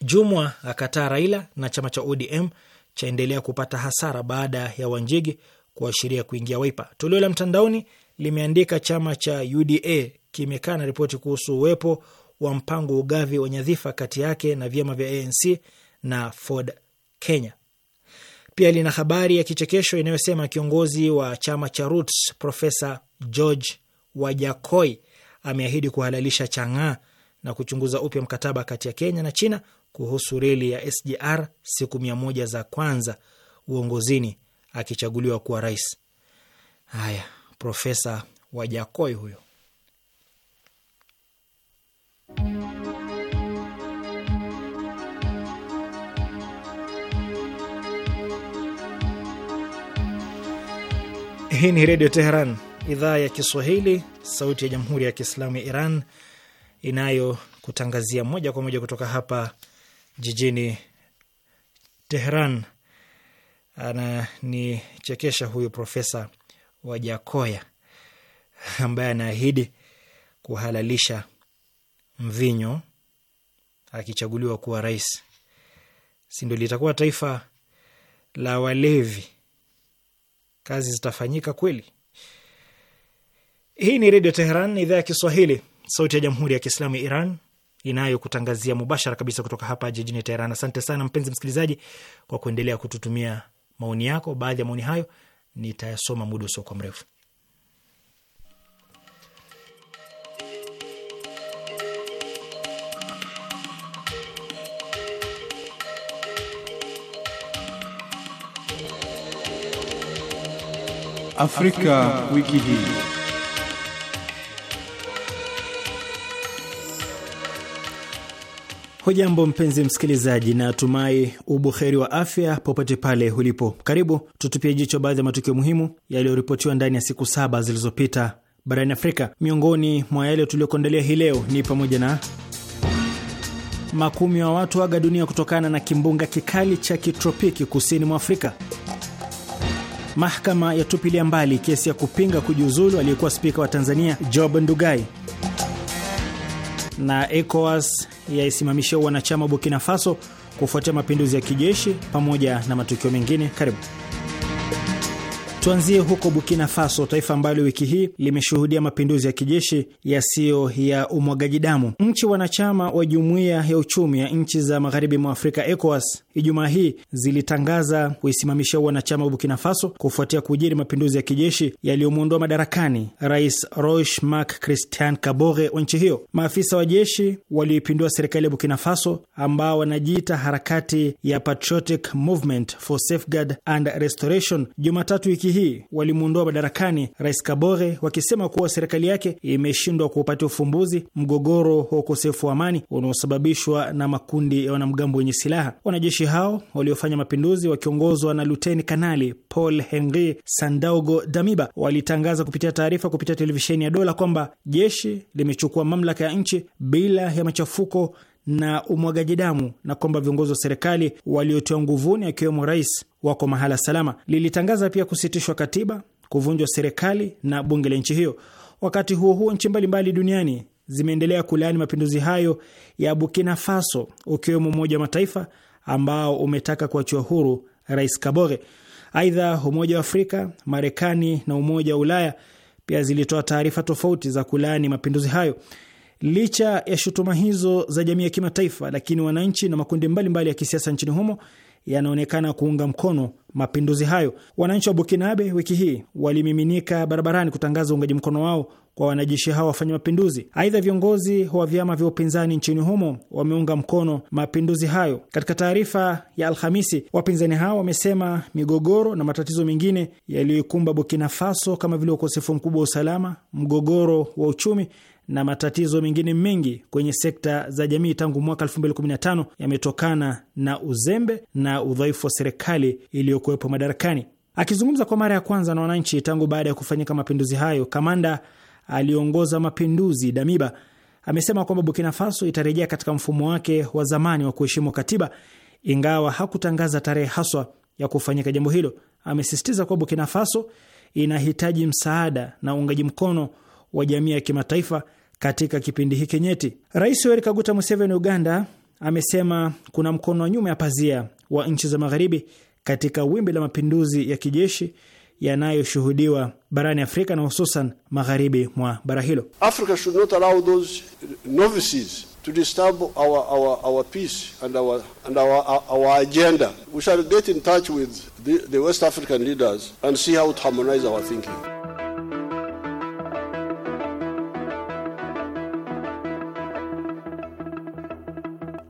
Jumwa akataa Raila na chama cha ODM chaendelea kupata hasara baada ya Wanjigi kuashiria kuingia Waipa. Toleo la mtandaoni limeandika chama cha UDA kimekaa na ripoti kuhusu uwepo wa mpango wa ugavi wa nyadhifa kati yake na vyama vya ANC na Ford Kenya. Pia lina habari ya kichekesho inayosema kiongozi wa chama cha Roots Profesa George Wajakoi ameahidi kuhalalisha chang'aa na kuchunguza upya mkataba kati ya Kenya na China kuhusu reli ya SGR siku mia moja za kwanza uongozini akichaguliwa kuwa rais. Haya, Profesa Wajakoi huyo. Hii ni Redio Teheran, idhaa ya Kiswahili, sauti ya Jamhuri ya Kiislamu ya Iran, inayokutangazia moja kwa moja kutoka hapa jijini Teheran. Ananichekesha huyu Profesa Wajakoya ambaye anaahidi kuhalalisha mvinyo akichaguliwa kuwa rais. Si ndio litakuwa taifa la walevi kazi zitafanyika kweli? Hii ni Redio Teheran, idhaa ya Kiswahili, sauti ya Jamhuri ya Kiislamu ya Iran inayokutangazia mubashara kabisa kutoka hapa jijini Teheran. Asante sana mpenzi msikilizaji kwa kuendelea kututumia maoni yako. Baadhi ya maoni hayo nitayasoma muda usiokuwa mrefu. Afrika, wiki hii. Hujambo mpenzi msikilizaji, na tumai ubuheri wa afya popote pale ulipo. Karibu tutupie jicho baadhi ya matukio muhimu yaliyoripotiwa ndani ya siku saba zilizopita barani Afrika. Miongoni mwa yale tuliyokuandalia hii leo ni pamoja na makumi wa watu waga dunia kutokana na kimbunga kikali cha kitropiki kusini mwa Afrika, mahakama yatupilia mbali kesi ya kupinga kujiuzulu aliyekuwa spika wa Tanzania Job Ndugai, na ECOWAS yaisimamishia wanachama wa Burkina Faso kufuatia mapinduzi ya kijeshi, pamoja na matukio mengine. Karibu. Tuanzie huko Burkina Faso, taifa ambalo wiki hii limeshuhudia mapinduzi ya kijeshi yasiyo ya, ya umwagaji damu. Nchi wanachama wa jumuiya ya uchumi ya nchi za magharibi mwa Afrika, ECOWAS, Ijumaa hii zilitangaza kuisimamisha wanachama wa Burkina Faso kufuatia kujiri mapinduzi ya kijeshi yaliyomwondoa madarakani Rais Roch Marc Christian Kabore wa nchi hiyo. Maafisa wa jeshi walioipindua serikali ya Burkina Faso ambao wanajiita harakati ya Patriotic Movement for Safeguard and Restoration, Jumatatu wiki hii walimwondoa madarakani Rais Kabore wakisema kuwa serikali yake imeshindwa kuupatia ufumbuzi mgogoro wa ukosefu wa amani unaosababishwa na makundi ya wanamgambo wenye silaha. Wanajeshi hao waliofanya mapinduzi wakiongozwa na Luteni Kanali Paul Henri Sandaogo Damiba walitangaza kupitia taarifa kupitia televisheni ya dola kwamba jeshi limechukua mamlaka ya nchi bila ya machafuko na umwagaji damu na kwamba viongozi wa serikali waliotiwa nguvuni akiwemo rais wako mahala salama. Lilitangaza pia kusitishwa katiba, kuvunjwa serikali na bunge la nchi hiyo. Wakati huo huo, nchi mbalimbali duniani zimeendelea kulaani mapinduzi hayo ya Burkina Faso, ukiwemo Umoja wa Mataifa ambao umetaka kuachiwa huru rais Kabore. Aidha, Umoja wa Afrika, Marekani na Umoja wa Ulaya pia zilitoa taarifa tofauti za kulaani mapinduzi hayo. Licha ya shutuma hizo za jamii ya kimataifa, lakini wananchi na makundi mbalimbali mbali ya kisiasa nchini humo yanaonekana kuunga mkono mapinduzi hayo. Wananchi wa Bukinabe wiki hii walimiminika barabarani kutangaza uungaji mkono wao kwa wanajeshi hao wafanya mapinduzi. Aidha, viongozi wa vyama vya upinzani nchini humo wameunga mkono mapinduzi hayo. Katika taarifa ya Alhamisi, wapinzani hao wamesema migogoro na matatizo mengine yaliyoikumba Burkina Faso kama vile ukosefu mkubwa wa usalama, mgogoro wa uchumi na matatizo mengine mengi kwenye sekta za jamii tangu mwaka 2015 yametokana na uzembe na udhaifu wa serikali iliyokuwepo madarakani. Akizungumza kwa mara ya kwanza na wananchi tangu baada ya kufanyika mapinduzi hayo, kamanda aliongoza mapinduzi Damiba amesema kwamba Burkina Faso itarejea katika mfumo wake wa zamani wa kuheshimu katiba, ingawa hakutangaza tarehe haswa ya kufanyika jambo hilo. Amesisitiza kuwa Burkina Faso inahitaji msaada na uungaji mkono wa jamii ya kimataifa katika kipindi hiki nyeti. Rais Yoweri Kaguta Museveni Uganda amesema kuna mkono wa nyuma ya pazia wa nchi za magharibi katika wimbi la mapinduzi ya kijeshi yanayoshuhudiwa barani Afrika na hususan magharibi mwa bara hilo. Africa should not allow those novices to disturb our, our, our peace and our, and our, our agenda. We shall get in touch with the, the West African leaders and see how to harmonize our thinking.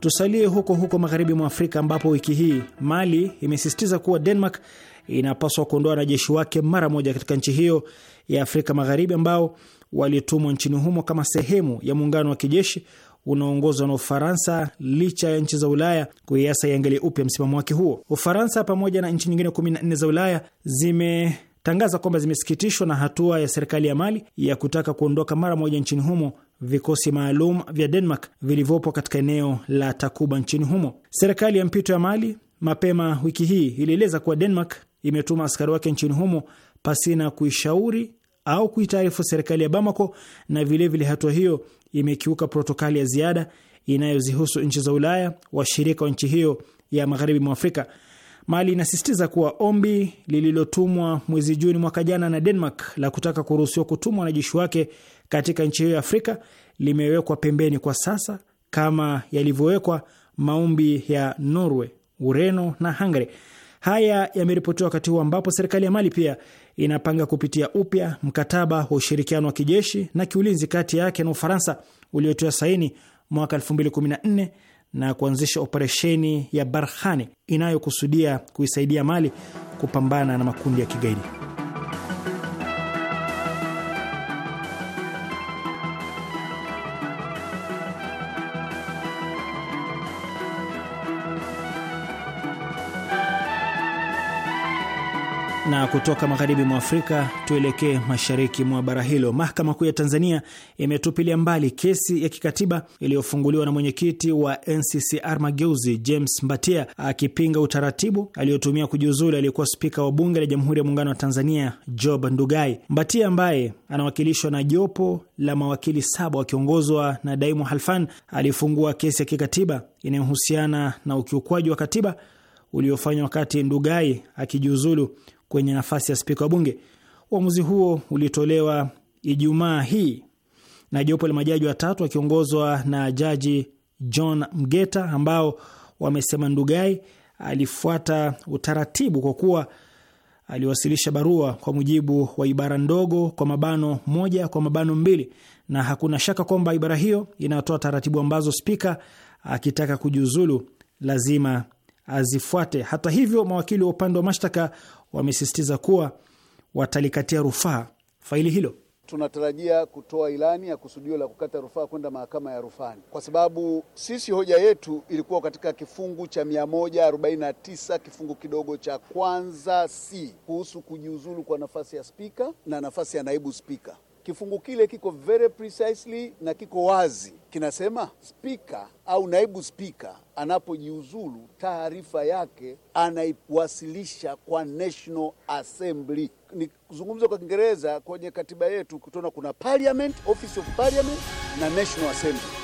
Tusalie huko huko magharibi mwa Afrika, ambapo wiki hii Mali imesisitiza kuwa Denmark inapaswa kuondoa wanajeshi wake mara moja katika nchi hiyo ya Afrika Magharibi ambao walitumwa nchini humo kama sehemu ya muungano wa kijeshi unaoongozwa na Ufaransa licha ya nchi za Ulaya kuiasa iangalie upya msimamo wake huo. Ufaransa pamoja na nchi nyingine 14 za Ulaya zimetangaza kwamba zimesikitishwa na hatua ya serikali ya Mali ya kutaka kuondoka mara moja nchini humo vikosi maalum vya Denmark vilivyopo katika eneo la Takuba nchini humo. Serikali ya mpito ya Mali mapema wiki hii ilieleza kuwa Denmark imetuma askari wake nchini humo pasina kuishauri au kuitaarifu serikali ya Bamako, na vilevile hatua hiyo imekiuka protokali ya ziada inayozihusu nchi za Ulaya, washirika wa nchi hiyo ya magharibi mwa Afrika. Mali inasisitiza kuwa ombi lililotumwa mwezi Juni mwaka jana na Denmark la kutaka kuruhusiwa kutumwa wanajeshi wake katika nchi hiyo ya Afrika limewekwa pembeni kwa sasa kama yalivyowekwa maombi ya Norway, Ureno na Hungary. Haya yameripotiwa wakati huu ambapo serikali ya Mali pia inapanga kupitia upya mkataba wa ushirikiano wa kijeshi na kiulinzi kati yake na Ufaransa uliotiwa saini mwaka 2014 na kuanzisha operesheni ya Barkhane inayokusudia kuisaidia Mali kupambana na makundi ya kigaidi. Na kutoka magharibi mwa Afrika tuelekee mashariki mwa bara hilo. Mahakama Kuu ya Tanzania imetupilia mbali kesi ya kikatiba iliyofunguliwa na mwenyekiti wa NCCR Mageuzi, James Mbatia, akipinga utaratibu aliyotumia kujiuzulu aliyekuwa spika wa Bunge la Jamhuri ya Muungano wa Tanzania, Job Ndugai. Mbatia, ambaye anawakilishwa na jopo la mawakili saba wakiongozwa na Daimu Halfan, alifungua kesi ya kikatiba inayohusiana na ukiukwaji wa katiba uliofanywa wakati Ndugai akijiuzulu kwenye nafasi ya spika wa bunge. Uamuzi huo ulitolewa Ijumaa hii na jopo la majaji watatu wakiongozwa na jaji John Mgeta, ambao wamesema Ndugai alifuata utaratibu kwa kuwa aliwasilisha barua kwa mujibu wa ibara ndogo kwa mabano moja kwa mabano mbili, na hakuna shaka kwamba ibara hiyo inatoa taratibu ambazo spika akitaka kujiuzulu lazima azifuate. Hata hivyo, mawakili wa upande wa mashtaka wamesisitiza kuwa watalikatia rufaa faili hilo. Tunatarajia kutoa ilani ya kusudio la kukata rufaa kwenda mahakama ya rufani, kwa sababu sisi hoja yetu ilikuwa katika kifungu cha 149 kifungu kidogo cha kwanza c kuhusu kujiuzulu kwa nafasi ya spika na nafasi ya naibu spika. Kifungu kile kiko very precisely na kiko wazi, kinasema spika au naibu spika anapojiuzulu, taarifa yake anaiwasilisha kwa National Assembly. Nikuzungumza kwa Kiingereza, kwenye katiba yetu kutona kuna parliament, office of parliament na National Assembly.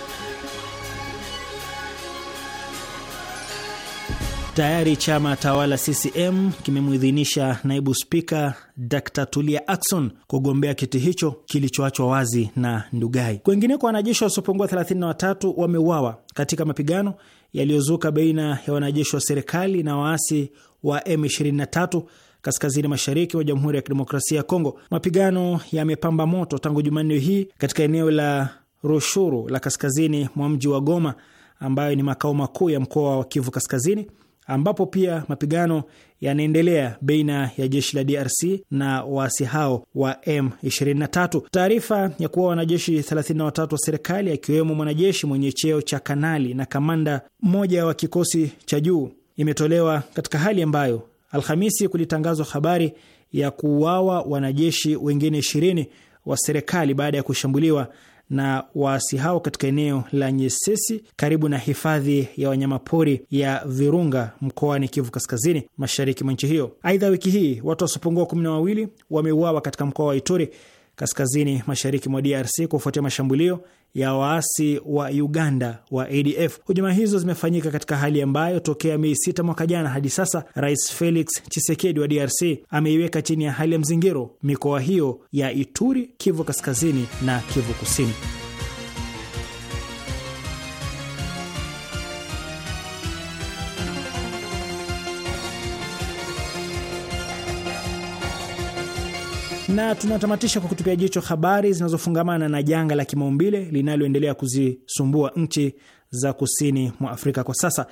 Tayari chama tawala CCM kimemwidhinisha naibu spika Dr. Tulia Akson kugombea kiti hicho kilichoachwa wazi na Ndugai. Kwengineko, wanajeshi wasiopungua 33 wameuawa katika mapigano yaliyozuka baina ya wanajeshi wa serikali na waasi wa M23 kaskazini mashariki wa Jamhuri ya Kidemokrasia ya Kongo. Mapigano yamepamba moto tangu Jumanne hii katika eneo la Rushuru la kaskazini mwa mji wa Goma, ambayo ni makao makuu ya mkoa wa Kivu Kaskazini ambapo pia mapigano yanaendelea baina ya jeshi la DRC na waasi hao wa M23. Taarifa ya kuwa wanajeshi 33 wa serikali akiwemo mwanajeshi mwenye cheo cha kanali na kamanda mmoja wa kikosi cha juu imetolewa katika hali ambayo Alhamisi kulitangazwa habari ya kuuawa wanajeshi wengine 20 wa serikali baada ya kushambuliwa na waasi hao katika eneo la Nyesesi karibu na hifadhi ya wanyamapori ya Virunga mkoani Kivu Kaskazini, mashariki mwa nchi hiyo. Aidha, wiki hii watu wasiopungua kumi na wawili wameuawa katika mkoa wa Ituri kaskazini mashariki mwa DRC kufuatia mashambulio ya waasi wa Uganda wa ADF. Hujuma hizo zimefanyika katika hali ambayo tokea Mei s mwaka jana hadi sasa Rais Felix Tshisekedi wa DRC ameiweka chini ya hali ya mzingiro mikoa hiyo ya Ituri, Kivu kaskazini na Kivu kusini. na tunatamatisha kwa kutupia jicho habari zinazofungamana na janga la kimaumbile linaloendelea kuzisumbua nchi za kusini mwa Afrika kwa sasa.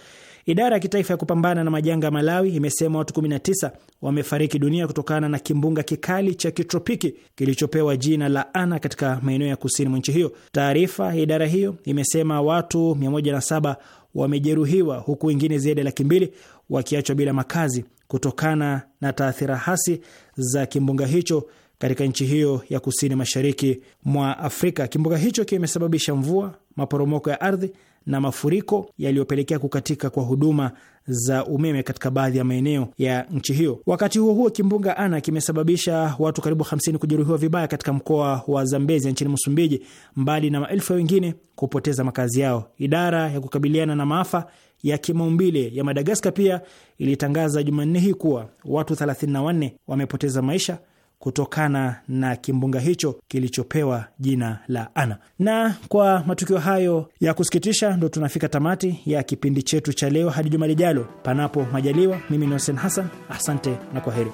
Idara ya kitaifa ya kupambana na majanga ya Malawi imesema watu 19 wamefariki dunia kutokana na kimbunga kikali cha kitropiki kilichopewa jina la Ana katika maeneo ya kusini mwa nchi hiyo. Taarifa ya idara hiyo imesema watu 107 wamejeruhiwa huku wengine zaidi ya laki mbili wakiachwa bila makazi kutokana na taathira hasi za kimbunga hicho katika nchi hiyo ya kusini mashariki mwa Afrika. Kimbunga hicho kimesababisha mvua, maporomoko ya ardhi na mafuriko yaliyopelekea kukatika kwa huduma za umeme katika baadhi ya maeneo ya nchi hiyo. Wakati huo huo, kimbunga Ana kimesababisha watu karibu 50 kujeruhiwa vibaya katika mkoa wa Zambezia nchini Msumbiji, mbali na maelfu ya wengine kupoteza makazi yao. Idara ya kukabiliana na maafa ya kimaumbile ya Madagaskar pia ilitangaza Jumanne hii kuwa watu 34 wamepoteza maisha kutokana na kimbunga hicho kilichopewa jina la Ana. Na kwa matukio hayo ya kusikitisha, ndo tunafika tamati ya kipindi chetu cha leo. Hadi juma lijalo, panapo majaliwa, mimi ni Hussein Hassan, asante na kwa heri.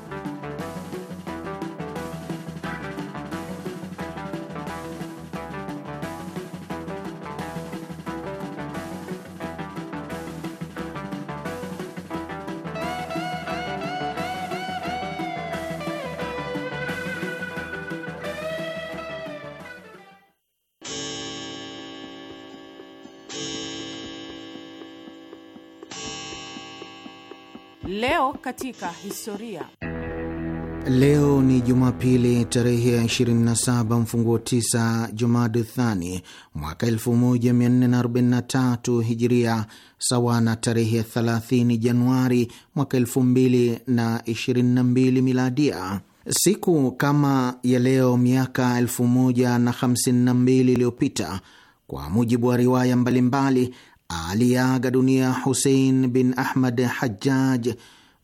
Leo katika historia. Leo ni Jumapili tarehe ya 27 mfunguo 9 Jumada Thani mwaka 1443 Hijiria, sawa na tarehe 30 Januari mwaka 2022 Miladia. Siku kama ya leo miaka 1052 iliyopita, kwa mujibu wa riwaya mbalimbali mbali, aliyeaga dunia Husein bin Ahmad Hajjaj,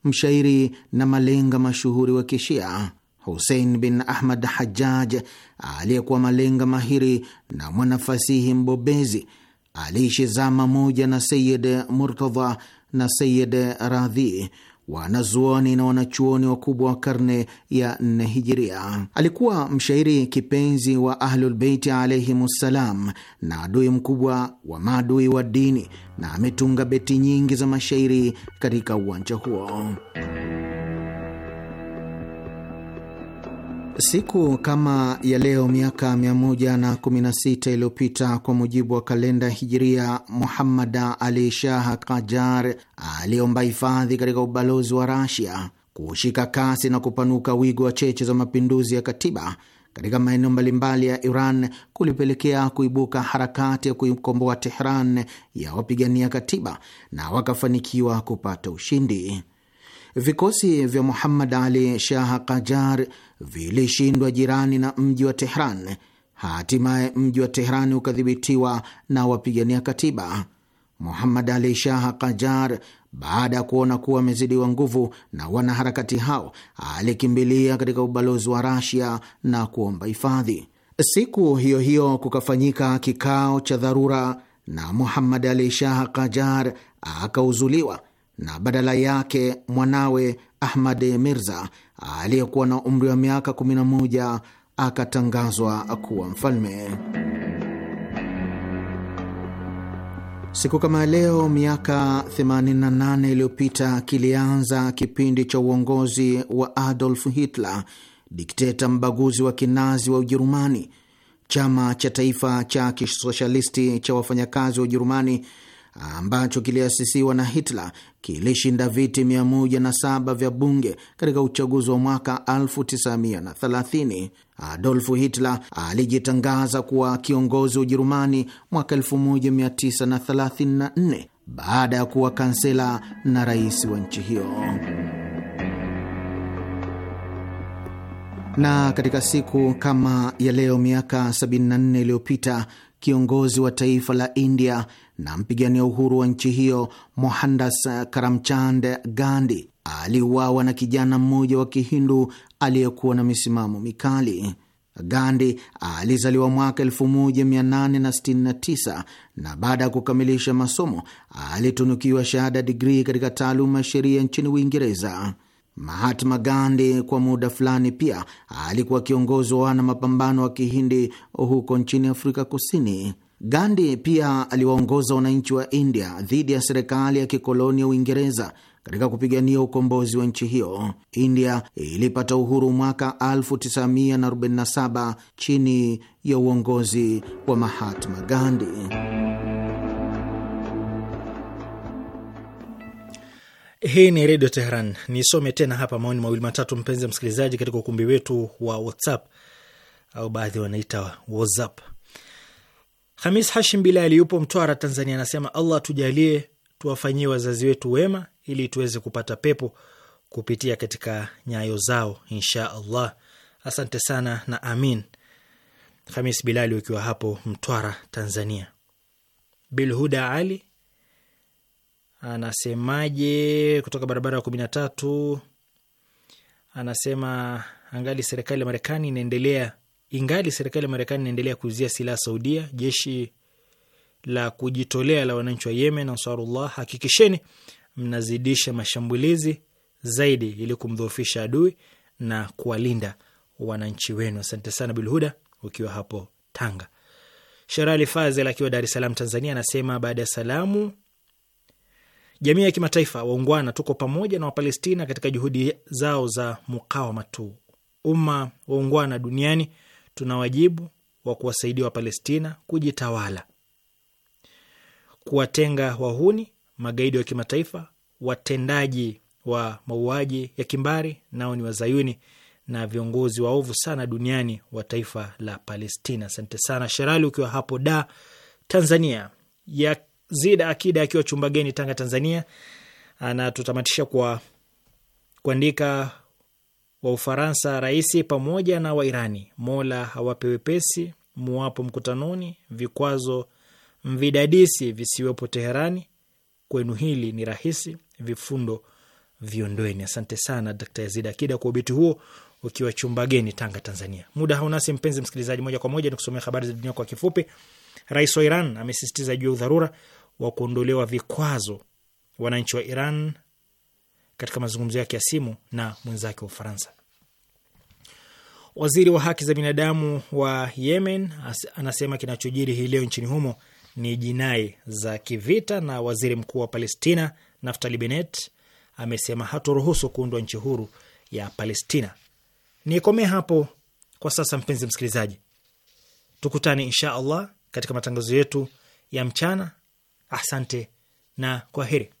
mshairi na malenga mashuhuri wa Kishia. Husein bin Ahmad Hajjaj aliyekuwa malenga mahiri na mwanafasihi mbobezi aliishi zama moja na Sayid Murtadha na Sayid Radhi wanazuoni na wanachuoni wakubwa wa karne ya nne hijiria. Alikuwa mshairi kipenzi wa Ahlulbeiti ssalam na adui mkubwa wa maadui wa dini, na ametunga beti nyingi za mashairi katika uwanja huo. Siku kama ya leo miaka 116 iliyopita kwa mujibu wa kalenda Hijiria, Muhammad Ali Shah Kajar aliomba hifadhi katika ubalozi wa Rasia. Kushika kasi na kupanuka wigo wa cheche za mapinduzi ya katiba katika maeneo mbalimbali ya Iran kulipelekea kuibuka harakati ya kuikomboa Tehran ya wapigania katiba na wakafanikiwa kupata ushindi. Vikosi vya Muhammad Ali Shah Kajar vilishindwa jirani na mji wa Tehran. Hatimaye mji wa Tehran ukadhibitiwa na wapigania katiba. Muhammad Ali Shah Kajar, baada ya kuona kuwa amezidiwa nguvu na wanaharakati hao, alikimbilia katika ubalozi wa Rasia na kuomba hifadhi. Siku hiyo hiyo kukafanyika kikao cha dharura na Muhammad Ali Shah Kajar akauzuliwa na badala yake mwanawe Ahmad Mirza aliyekuwa na umri wa miaka 11 akatangazwa kuwa mfalme. Siku kama leo miaka 88 iliyopita kilianza kipindi cha uongozi wa Adolf Hitler, dikteta mbaguzi wa kinazi wa Ujerumani. Chama cha taifa cha kisoshalisti cha wafanyakazi wa Ujerumani ambacho kiliasisiwa na Hitler kilishinda viti 107 vya bunge katika uchaguzi wa mwaka 1930. Adolfu Hitler alijitangaza kuwa kiongozi wa Ujerumani mwaka 1934 baada ya kuwa kansela na rais wa nchi hiyo. Na katika siku kama ya leo miaka 74 iliyopita kiongozi wa taifa la India na mpigania uhuru wa nchi hiyo Mohandas Karamchand Gandhi aliuawa na kijana mmoja wa Kihindu aliyekuwa na misimamo mikali. Gandhi alizaliwa mwaka 1869 na baada ya kukamilisha masomo alitunukiwa shahada digrii katika taaluma ya sheria nchini Uingereza. Mahatma Gandhi kwa muda fulani pia alikuwa kiongozi wa wana mapambano wa Kihindi huko nchini Afrika Kusini. Gandhi pia aliwaongoza wananchi wa India dhidi ya serikali ya kikoloni ya Uingereza katika kupigania ukombozi wa nchi hiyo. India ilipata uhuru mwaka 1947 chini ya uongozi wa Mahatma Gandhi. Hii ni Redio Teheran. Nisome tena hapa maoni mawili matatu, mpenzi msikilizaji, katika ukumbi wetu wa WhatsApp au baadhi wanaita WhatsApp. Hamis Hashim Bilali yupo Mtwara, Tanzania, anasema Allah tujalie tuwafanyie wazazi wetu wema ili tuweze kupata pepo kupitia katika nyayo zao insha Allah. Asante sana na amin. Hamis Bilali ukiwa hapo Mtwara, Tanzania. Bilhuda Ali anasemaje kutoka barabara ya kumi na tatu? Anasema angali serikali ya Marekani inaendelea Ingali serikali ya Marekani inaendelea kuuzia silaha Saudia, jeshi la kujitolea la wananchi wa Yemen Ansarullah, hakikisheni mnazidisha mashambulizi zaidi ili kumdhoofisha adui na kuwalinda wananchi wenu. Asante sana Bilhuda ukiwa hapo Tanga. Sherali Fazel akiwa Dar es Salaam, Tanzania, anasema baada ya salamu, jamii ya kimataifa waungwana, tuko pamoja na Wapalestina katika juhudi zao za mukawama tu. Umma waungwana duniani tuna wajibu wa kuwasaidia Wapalestina kujitawala, kuwatenga wahuni, magaidi wa kimataifa, watendaji wa mauaji ya kimbari, nao ni Wazayuni na viongozi waovu sana duniani wa taifa la Palestina. Asante sana Sherali, ukiwa hapo da Tanzania. Yazid Akida akiwa Chumbageni, Tanga, Tanzania, anatutamatisha kwa kuandika wa Ufaransa raisi pamoja na Wairani, Mola hawape wepesi, muwapo mkutanoni, vikwazo mvidadisi visiwepo Teherani, kwenu hili ni rahisi, vifundo viondweni. Asante sana Dr. Yazid Akida kwa ubiti huo ukiwa chumba geni Tanga, Tanzania. Muda haunasi mpenzi msikilizaji, moja kwa moja ni kusomea habari za dunia kwa kifupi. Rais wa Iran amesisitiza juu ya udharura wa kuondolewa vikwazo wananchi wa Iran katika mazungumzo yake ya simu na mwenzake wa Ufaransa. Waziri wa haki za binadamu wa Yemen anasema kinachojiri hii leo nchini humo ni jinai za kivita, na waziri mkuu wa Palestina Naftali Bennett amesema hatoruhusu kuundwa nchi huru ya Palestina. Nikomee hapo kwa sasa, mpenzi msikilizaji, tukutane insha Allah katika matangazo yetu ya mchana. Asante na kwaheri.